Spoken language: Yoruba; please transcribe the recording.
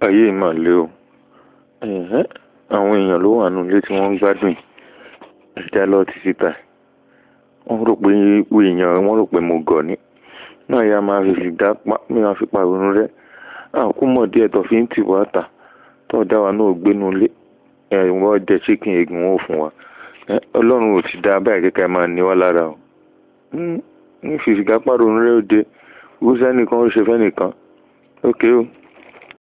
ayé mà le o àwọn èèyàn ló wà nù ilé tí wọ́n ń gbádùn ẹ̀dá lọ ti síta wọ́n rò pé ipò èèyàn wọ́n rò pé mo gọ̀ ni náà ya máa fi fìdá máa fi pàrọ̀nù rẹ àkúmọ̀ díẹ̀ tó fi ń tì wá tà tó dá wa náà gbénu lé ẹ̀wọ́n jẹ chicken egun ó fún wa ọlọ́run ò ti dá báyìí kékeré máa ní wá lára o ní fìfìgá pàrọ̀nù rẹ òde wúsẹ́ nìkan ó ṣe fẹ́ nìkan ókè o.